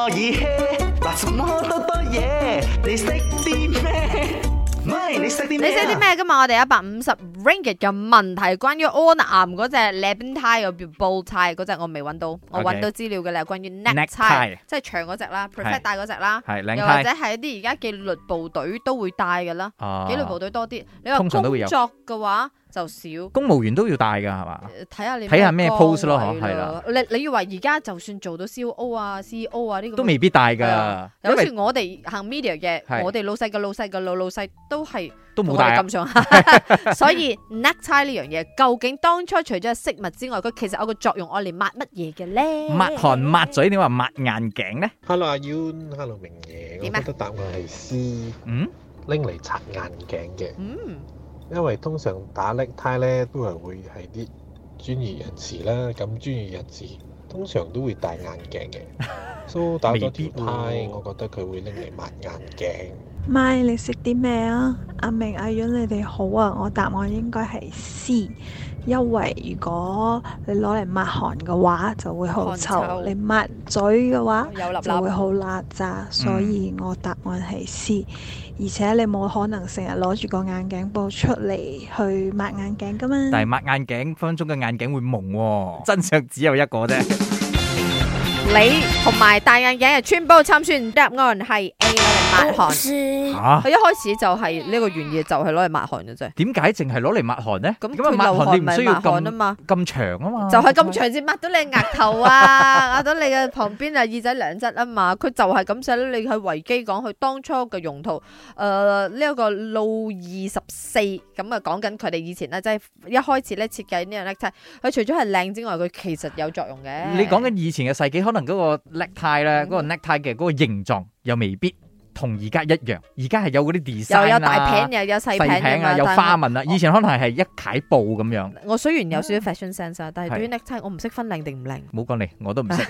我耳靴嗱，什麼你識啲咩？你識啲？咩噶嘛？我哋一百五十 ringgit 嘅問題，關於安巖嗰隻 leather tie 嗰 bow tie 嗰隻我未揾到，Okay. 我揾到資料嘅啦。關於 neck tie，ne ck tie 即係長嗰隻啦 prefer 戴嗰隻啦，是又或者係一啲而家紀律部隊都會戴嘅啦。紀律、哦、部隊多啲，你話工作嘅話。就少，公務員都要戴噶，係嘛？睇下你睇下咩 pose 咯，係啦。你你以為而家就算做到 COO 啊、CEO 啊呢，都未必戴噶。好似我哋行 media 嘅，我哋老細個老細個老老細都係都冇戴咁上下。所以 necktie 呢樣嘢，究竟當初除咗係飾物之外，佢其實有個作用，我嚟抹乜嘢嘅咧？抹汗、抹嘴，你話抹眼鏡咧？Hello 阿 Yoon，Hello 明爺，我得答案係 C，嗯，拎嚟擦眼鏡嘅，嗯。因為通常打叻胎咧，都係會係啲專業人士啦。咁專業人士通常都會戴眼鏡嘅，所、so，以打咗啲胎， 哦、我覺得佢會拎嚟抹眼鏡。媽、啊啊，你食啲咩啊？阿明、阿遠，你哋好啊！我答案應該係 C，因為如果你攞嚟抹汗嘅話，就會好臭；臭你抹嘴嘅話，乳乳就會好辣咋。所以我答案係 C、嗯、而且你冇可能成日攞住個眼鏡布出嚟去抹眼鏡噶嘛。但係抹眼鏡分分鐘嘅眼鏡會矇、哦。真相只有一個啫。 你同埋戴眼鏡嘅穿煲，參選答案係 A 攞嚟抹汗，佢一開始就係呢個原意就係攞嚟抹汗嘅啫。點解淨係攞嚟抹汗呢？咁佢抹汗點解唔需要咁啊？嘛咁長啊嘛，就係咁長先抹到你額頭啊，抹到你嘅旁邊啊，耳仔兩側啊嘛。佢就係咁寫。你去維基講佢當初嘅用途，誒，呢一個路二十四咁啊，講緊佢哋以前咧，即係一開始咧設計呢樣咧，即係佢除咗係靚之外，佢其實有作用嘅。你講緊以前嘅世紀可能。嗰個領呔咧，嗰個領呔嘅嗰個形狀又未必同而家一樣，而家係有嗰啲 design 啦，又有大瓶又有細瓶啊，有花紋啦，以前可能係係一塊布咁樣。我雖然有少少 fashion sense 啊，但係對於領呔我唔識分靚定唔靚。冇講你，我都唔識。